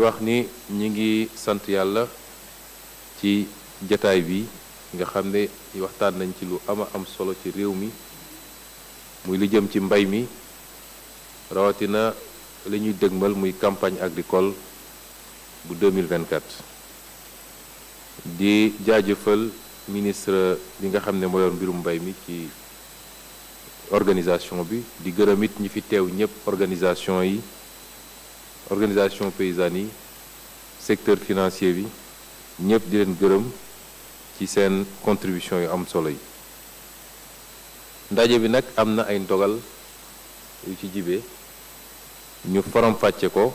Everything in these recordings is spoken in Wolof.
wax ni ñi ngi sant yàlla ci jataay bi nga xam ne waxtaan nañ ci lu ama am solo ci réew mi muy lu jëm ci mbay mi rawatina li ñuy dëgmal muy campagne agricole bu 2024 di jaajëfal ministre bi nga xam ne moo yor mbirum mbay mi ci organisation bi di gërëm it ñi fi teew ñëpp organisation yi organisation paysannes yi secteur financier bi ñëpp di leen gërëm ci seen contribution yu am solo yi ndaje bi nag am na ay ndogal yu ci jibee ñu faram-fàcce ko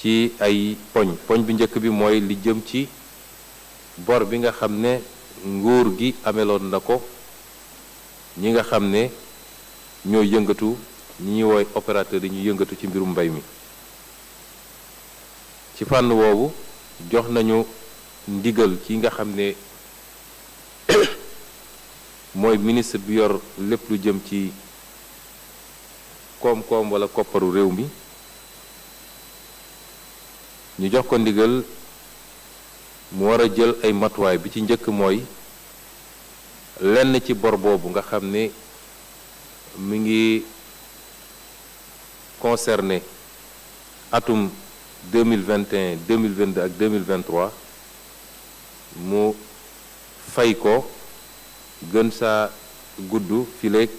ci ay poñ poñ bu njëkk bi mooy li jëm ci bor bi nga xam ne nguur gi ameloon na ko ñi nga xam ne ñoo yëngatu ni ñuy woy opérateur yi ñu yëngatu ci mbirum mbay mi ci fànn woowu jox nañu ndigal ci nga xam ne mooy ministre bi yor lépp lu jëm ci koom-koom wala kopparu réew mi ñu jox ko ndigal mu war a jël ay matuwaay bi ci njëkk mooy lenn ci bor boobu nga xam ni mi ngi concernés atum 2021 2022 ak 2023 mu fay ko gën saa gudd fileeg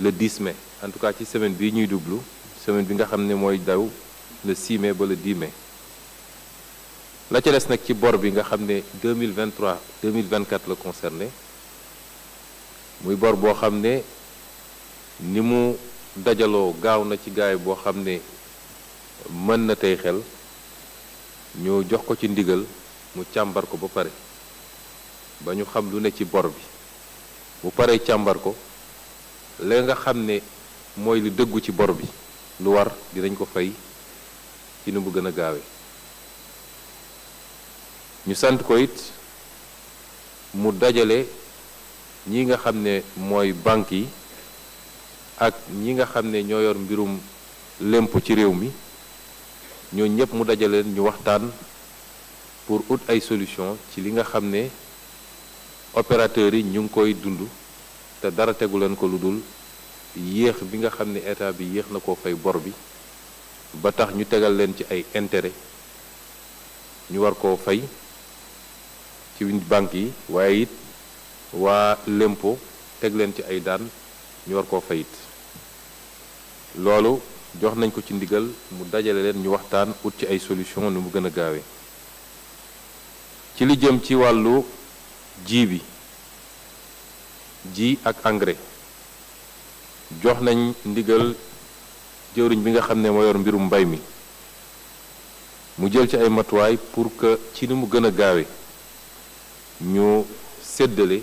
le 10 mai en tout cas ci semaine bi ñuy dublu semaine bi nga xam ne mooy daw le 6 mai ba le 10 mai la ca des nag ci bor bi nga xam ne 2023 2024 la concerné muy bor boo xam ne ni mu dajaloo gaaw na ci gaay boo xam ne mën na tey xel ñu jox ko ci ndigal mu càmbar ko ba pare ba ñu xam lu ne ci bor bi bu paree càmbar ko la nga xam ne mooy lu dëggu ci bor bi lu war dinañ ko fay ci nu mu gën a gaawee ñu sant ko it mu dajale ñi nga xam ne mooy banque yi ak ñi nga xam ne ñoo yor mbirum lémp ci réew mi ñoo ñëpp mu dajaleen ñu waxtaan pour ut ay solution ci li nga xam ne opérateurs yi ñu ngi koy dund te dara tegu leen ko lu dul yéex bi nga xam ne état bi yéex na ko fay bor bi ba tax ñu tegal leen ci ay intérêt ñu war koo fay ci bank yi waaye it waa lempo teg leen ci ay daan ñu war koo fayit loolu jox nañ ko ci ndigal mu dajale leen ñu waxtaan ut ci ay solution nu mu gën a gaawee ci li jëm ci wàllu ji bi ji ak engrais jox nañ ndigal jëwriñ bi nga xam ne moo mbirum mbay mi mu jël ci ay matuwaay pour que ci ni mu gën a gaawe ñu séddale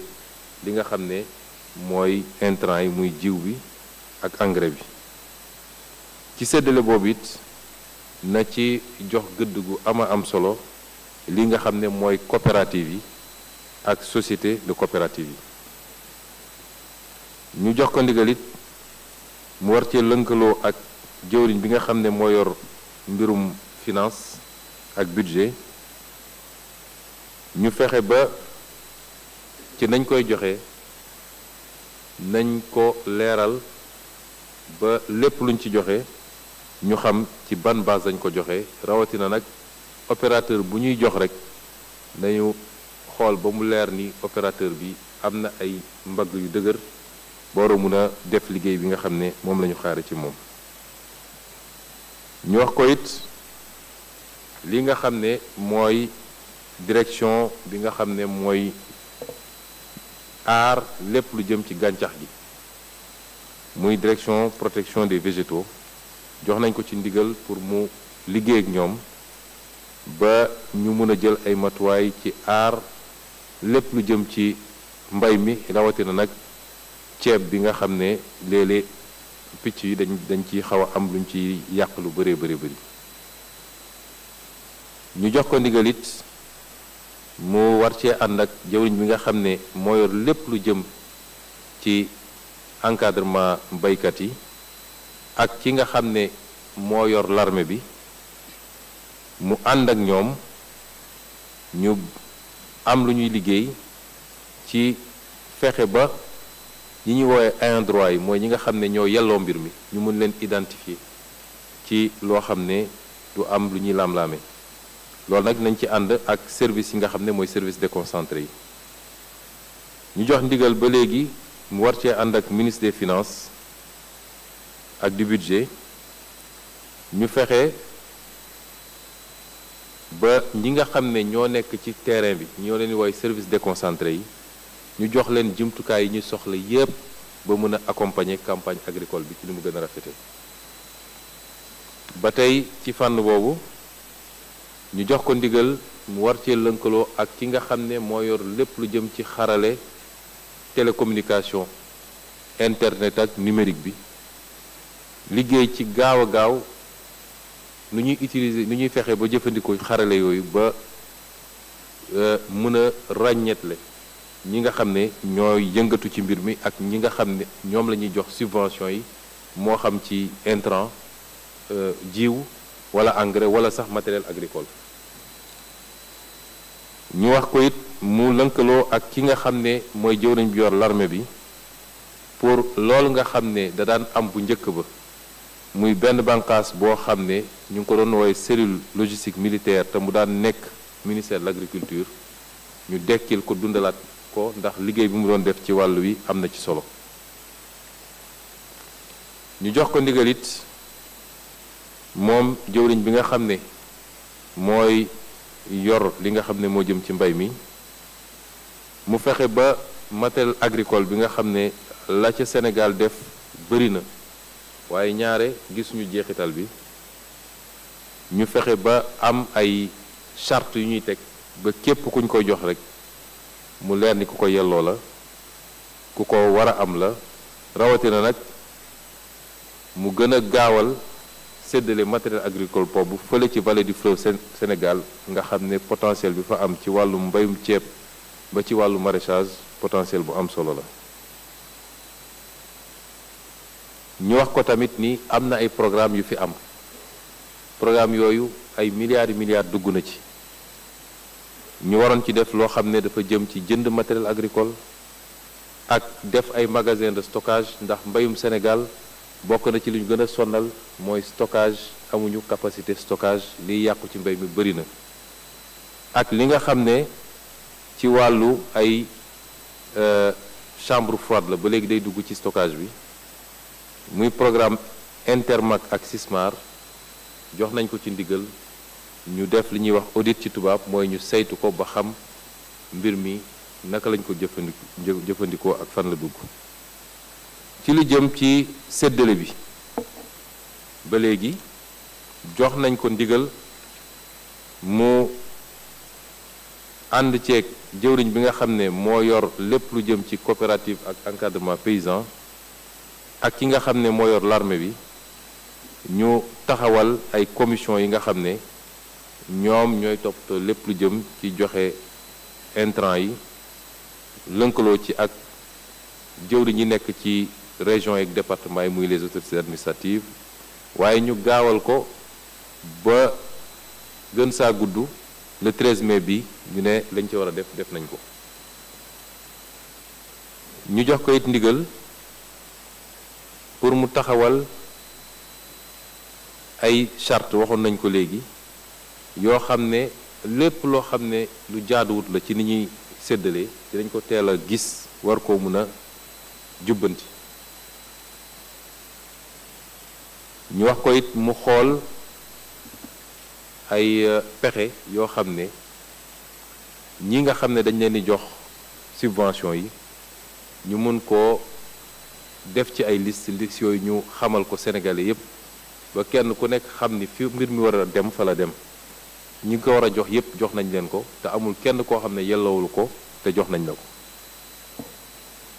li nga xam ne mooy intrant yi muy jiw bi ak engrais bi ci seddale boobu it na ci jox gëdd gu ama am solo li nga xam ne mooy coopérative yi ak société de coopérative yi ñu jox ko ndigal mu war cee lënkaloo ak jëwriñ bi nga xam ne moo yor mbirum finance ak budget ñu fexe ba ci nañ koy joxe nañ ko leeral ba lépp luñ ci joxe ñu xam ci ban base lañ ko joxe rawatina nag opérateur bu ñuy jox rek nañu xool ba mu leer ni opérateur bi am na ay mbagg yu dëgër boora mun a def liggéey bi nga xam ne moom la ñu xaare ci moom ñu wax ko it li nga xam ne mooy direction bi nga xam ne mooy aar lépp lu jëm ci gàncax gi muy direction protection des végétaux jox nañ ko ci ndigal pour mu liggéey ak ñoom ba ñu mën a jël ay matuwaay ci aar lépp lu jëm ci mbay mi rawatina nag ceeb bi nga xam ne léelée picc yi dañ dañ ci xaw a am luñ ci yàq lu bëree bëri bëri ñu jox ko ndigal it mu war cee ànd ak jawriñ bi nga xam ne moo lépp lu jëm ci encadrement baykat yi ak ci nga xam ne moo yor l'armée bi mu ànd ak ñoom ñu am lu ñuy liggéey ci fexe ba ñi ñu woowee ayants yi mooy ñi nga xam ne ñoo yelloo mbir mi ñu mën leen identifier ci loo xam ne du am lu ñuy laam-laame loolu nag nañ ci ànd ak service yi nga xam ne mooy service déconcentré yi ñu jox ndigal ba léegi mu war cee ànd ak ministre des finance ak du budget ñu fexe ba ñi nga xam ne ñoo nekk ci terrain bi ñoo leen woy service déconcentré yi ñu jox leen jumtukaay yi ñu soxla yépp ba mën a accompagner campagne agricole bi ci li mu gën a rafete ba tey ci fànn boobu ñu jox ko ndigal mu war cee lënkaloo ak ki nga xam ne moo yor lépp lu jëm ci xarale télécommunication internet ak numérique bi liggéey ci gaaw a gaaw nu ñuy utiliser nu ñuy fexe ba jëfandikoo xarale yooyu ba euh, mën a ràññeetle ñi nga xam ne ñooy yëngatu ci mbir mi ak ñi nga xam ne ñoom la ñuy jox subvention yi moo xam ci intrant euh, jiw wala engrais wala sax matériel agricole ñu wax ko mu lënkaloo ak ki nga xam ne mooy jëwriñ bi yor l'armée bi pour loolu nga xam ne da daan am bu njëkk ba muy benn bànqaas boo xam ne ñu ngi ko doon woowe cellule logistique militaire te mu daan nekk ministère de l'agriculture ñu dekkil ko dundalaat ko ndax liggéey bi mu doon def ci wàll wi am na ci solo ñu jox ko ndigal moom jëwriñ bi nga xam ne mooy yor li nga xam ne moo jëm ci mbay mi mu fexe ba matériel agricole bi nga xam ne la ca Sénégal def bëri na waaye ñaare gisuñu jeexital bi ñu fexe ba am ay charte yu ñuy teg ba képp kuñ ñu koy jox rek mu leer ni ku ko yelloo la ku ko war a am la rawatina nag mu gën a gaawal séddale matériel agricole boobu fële ci vallée du fleuve Sénégal nga xam ne potentiel bi fa am ci wàllum mbayum ceeb ba ci wàllu maraîchage potentiel bu am solo la ñu wax ko tamit ni am na ay programme yu fi am programme yooyu ay milliards yu dugg na ci ñu waroon ci def loo xam ne dafa jëm ci jënd matériel agricole ak def ay magasin de stockage ndax mbayum Sénégal bokk na ci li ñu gën a sonal mooy stockage amuñu capacité stockage liy yàqu ci mbay mi bëri na ak li nga xam ne ci wàllu ay euh, chambre froide la ba léegi day dugg ci stockage bi muy programme Intermac ak Sismar jox nañ ko ci ndigal ñu def li ñuy wax audit ci tubaab mooy ñu saytu ko ba xam mbir mi naka lañ ko jëfandikoo jëfandikoo ak fan la dugg ci lu jëm ci séddale bi ba léegi jox nañ ko ndigal mu ànd ceeg jëwriñ bi nga xam ne moo yor lépp lu jëm ci coopérative ak encadrement paysan ak ki nga xam ne moo yor l'armée bi ñu taxawal ay commission yi nga xam ne ñoom ñooy toppatoo lépp lu jëm ci joxe intrants yi lënkaloo ci ak jëwriñ yi nekk ci région ak département yi muy les autorités administratives waaye ñu gaawal ko ba gën saa gudd le 13 mais bi ñu ne lañ ci war a def def nañ ko ñu jox ko ndigal pour mu taxawal ay chart waxoon nañ ko léegi yoo xam ne lépp loo xam ne lu jaaduwut la ci ni ñuy séddalee dañ ko teelal gis war koo mën a jubbanti ñu wax ko it mu xool ay euh, pexe yoo xam ne ñi nga xam ne dañ leen di jox subvention yi ñu mën koo def ci ay liste liste yooyu ñu xamal ko Sénégalais yépp ba kenn ku nekk xam ni fi mbir mi war a dem fa la dem ñi ko war a jox yépp jox nañ leen ko te amul kenn koo xam ne yellowul ko te jox nañ la ko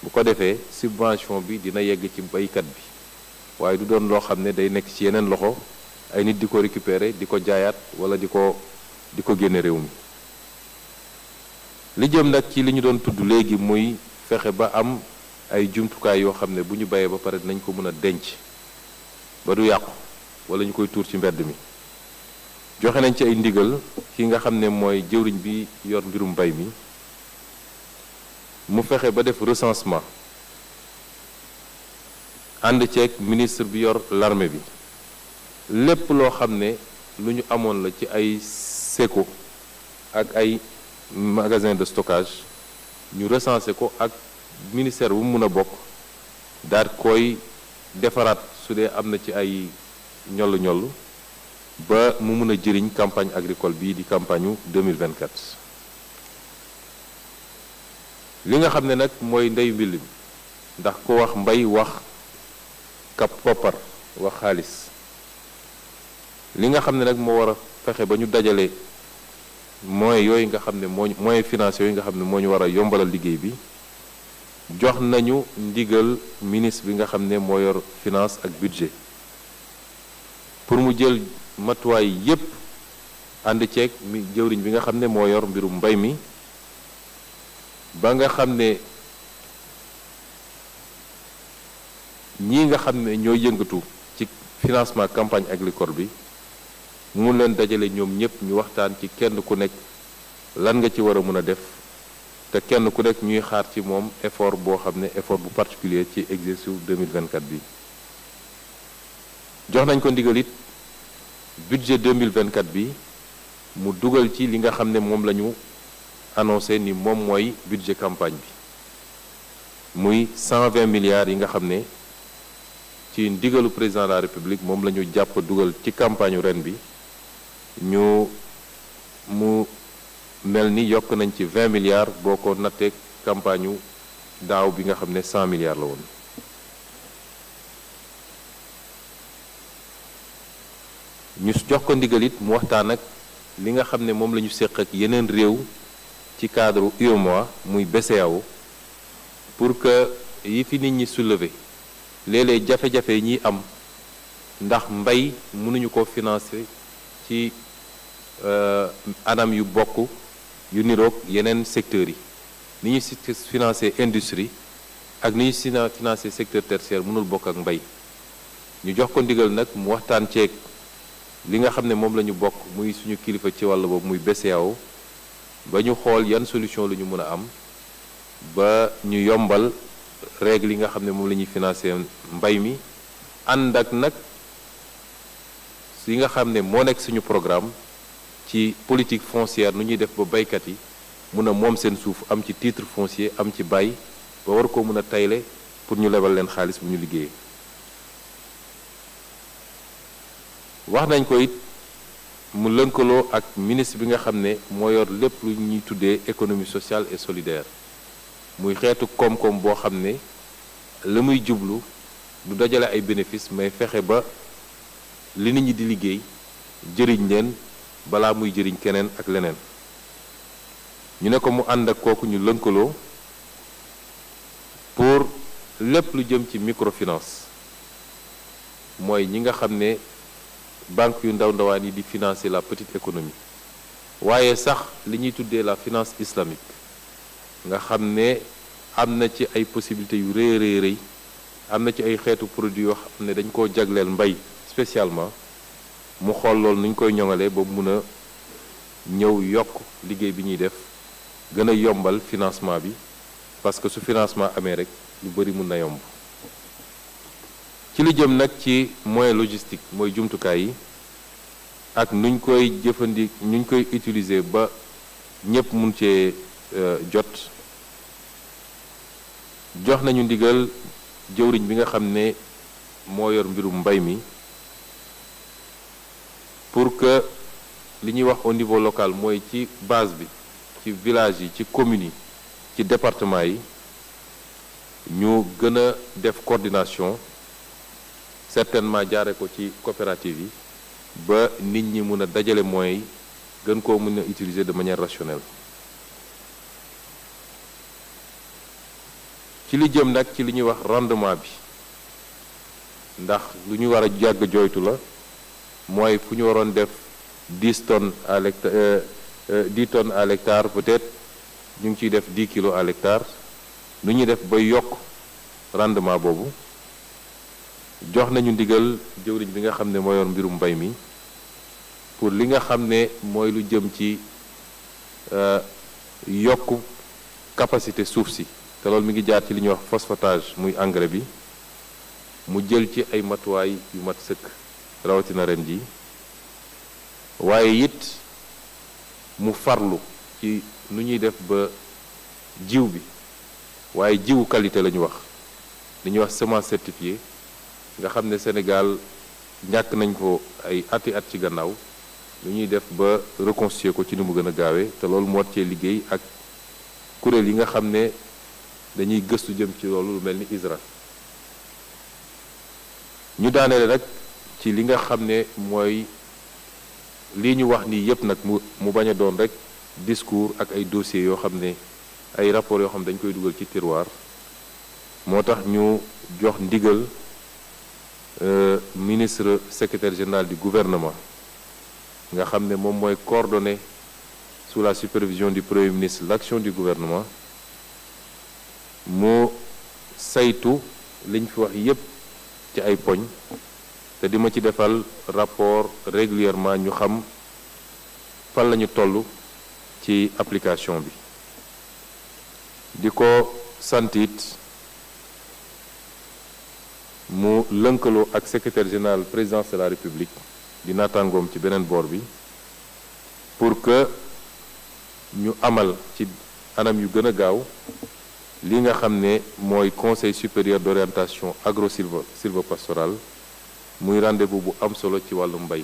bu ko defee subvention bi dina yegg ci baykat bi waaye du doon loo xam ne day nekk ci yeneen loxo ay nit di ko récupérer di ko jaayaat wala di ko di ko génne réew mi li jëm nag ci li ñu doon tudd léegi muy fexe ba am ay jumtukaay yoo xam ne bu ñu bayee ba pare nañ ko mën a denc ba du yàqu wala ñu koy tuur ci mbedd mi joxe nañ ci ay ndigal ki nga xam ne mooy jëwriñ bi yor mbirum mbay mi mu fexe ba def recensement ànd ceeg ministre bi yor l'armée bi lépp loo xam ne lu ñu amoon la ci ay seco ak ay magasin de stockage ñu recensé ko ak ministère bu mu mun a bokk daal koy defaraat su dee am na ci ay ñollu ñollu ba mu mën a jëriñ campagne agricole bii di campagne u 2024 li nga xam ne nag mooy ndeyu mbill mi ndax ko wax mbay wax kap koppar wax xaalis li nga xam ne nag moo war a fexe ba ñu dajale moyens yooyu nga xam ne moo moyens financiers yooyu nga xam ne moo ñu war a yombalal liggéey bi jox nañu ndigal ministre bi nga xam ne moo yor finance ak budget pour mu jël matuwaay yépp ànd ceeg mi jëwriñ bi nga xam ne moo yor mbirum mbay mi ba nga xam ne ñii nga xam ne ñoo yëngatu ci financement campagne agricole bi mu leen dajale ñoom ñépp ñu waxtaan ci kenn ku nekk lan nga ci war a mën a def te kenn ku nekk ñuy xaar ci moom effort boo xam ne effort bu particulier ci exercice 2024 bi jox nañ ko ndigal it budget 2024 bi mu dugal ci li nga xam ne moom la ñu annoncé ni moom mooy budget campagne bi muy 120 milliards yi nga xam ne ci ndigalu président de la république moom la ñu jàpp dugal ci campagne ren bi ñu mu mel ni yokk nañ ci 20 milliards boo ko nattee campagne u daaw bi nga xam ne 100 milliards la woon ñu jox ko ndigal mu waxtaan ak li nga xam ne moom la ñu séq ak yeneen réew ci cadre UEMOA muy BCEAO pour que yi fi nit ñi soulever léeg-léeg jafe-jafe yi ñuy am ndax mbay mënuñu ko financé ci euh, anam yu bokk yu niroog yeneen secteurs yi ni sit financer industrie ak ni ñuy financer secteur tertiaire mënul bokk ak mbay ñu jox ko ndigal nag mu waxtaan ceeg li nga xam ne moom la ñu bokk muy suñu kilifa ci wàll boobu muy BCEAO ba ñu xool yan solution la ñu mën a am ba ñu yombal règle yi nga xam ne moom la ñuy financer mbay mi ànd ak nag yi nga xam ne moo nekk suñu programme ci politique foncière nu ñuy def ba baykat yi mun a moom seen suuf am ci tiitre foncier am ci bay ba war ko mën a tayle pour ñu lebal leen xaalis bu ñu liggéeyee wax nañ ko it mu lënkaloo ak ministre bi nga xam ne moo yor lépp lu ñuy tuddee économie sociale et solidaire muy xeetu koom-koom boo xam ne la muy jublu du dajale ay bénéfice mais fexe ba li nit ñi di liggéey jëriñ leen balaa muy jëriñ keneen ak leneen ñu ne ko mu ànd ak kooku ñu lënkaloo pour lépp lu jëm ci microfinance mooy ñi nga xam ne banque yu ndaw ndawaan yi di finance la petite économie waaye sax li ñuy tuddee la finance islamique nga xam ne am na ci ay possibilités yu rëy rëy rëy am na ci ay xeetu produit yoo xam ne dañ koo jagleel mbay spécialement mu xool lool nu koy ñoŋalee ba mun a ñëw yokk liggéey bi ñuy def gën a yombal financement bi parce que su financement amee rek lu bëri mun na yomb ci li jëm nag ci moyen logistique mooy jumtukaay yi ak nuñ koy jëfandi nuñ koy utiliser ba ñépp mun cee euh, jot jox nañu ndigal jëwriñ bi nga xam ne moo yor mbirum mbay mi pour que li ñuy wax au niveau local mooy ci base bi ci village yi ci communes yi ci département yi ñu gën a def coordination certainement jaare ko ci coopérative yi ba nit ñi mun a dajale mooy gën koo mun a utiliser de manière rationnelle ci li jëm nag ci li ñuy wax rendement bi ndax lu ñu war a jàgg jooytu la mooy fu ñu waroon def 10 tonnes à l'hectare euh, 10 euh, tonnes à l'hectare peut-être ñu ngi ciy def di kilos à l'hectare nu ñuy def ba yokk rendement boobu jox nañu ndigal jëwriñ bi nga xam ne mbirum mbay mi pour li nga xam ne mooy lu jëm ci euh, yokk capacité suuf si te loolu mi ngi jaar ci li ñuy wax phosphatage muy engrais bi mu jël ci ay matuwaay yu mat sëkk rawatina ren ji waaye it mu farlu ci nu ñuy def ba jiw bi waaye jiwu qualité la ñu wax li ñuy wax semence certifiée nga xam ne Sénégal ñàkk nañ ko ay ati at ci gannaaw lu ñuy def ba reconstituer ko ci ni mu gën a gaawee te loolu moo cee liggéey ak kuréel yi nga xam ne dañuy gëstu jëm ci loolu lu mel ni ISRA ñu daaneele nag ci li nga xam ne mooy lii ñu wax nii yépp nag mu mu bañ a doon rek discours ak ay dossiers yoo xam ne ay rapports yoo xam ne dañ koy dugal ci tiroir moo tax ñu jox ndigal euh, ministre secrétaire général du gouvernement nga xam ne moom mooy coordonner sous la supervision du premier ministre l'action du gouvernement mu saytu liñ fi wax yépp ci ay poñ te di ma ci defal rapport régulièrement ñu xam fan lañu toll ci application bi di ko santit mu lënkaloo ak secrétaire général présidence de la république di naataangoom ci beneen boor bi pour que ñu amal ci anam yu gën a gaaw li nga xam ne mooy conseil supérieur d'orientation agro silvo pastoral muy rendez-vous bu am solo ci wàllu mbay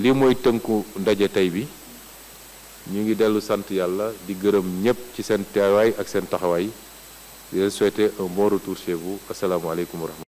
lii mooy tënku ndaje tey bi ñu ngi dellu sant yàlla di gërëm ñépp ci seen teewaay ak seen taxawaay di leen souhaiter un bon retour chez vous asalaamaaleykum wa